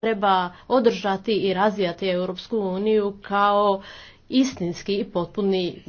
treba održati i razvijati Europsku uniju kao istinski i potpuni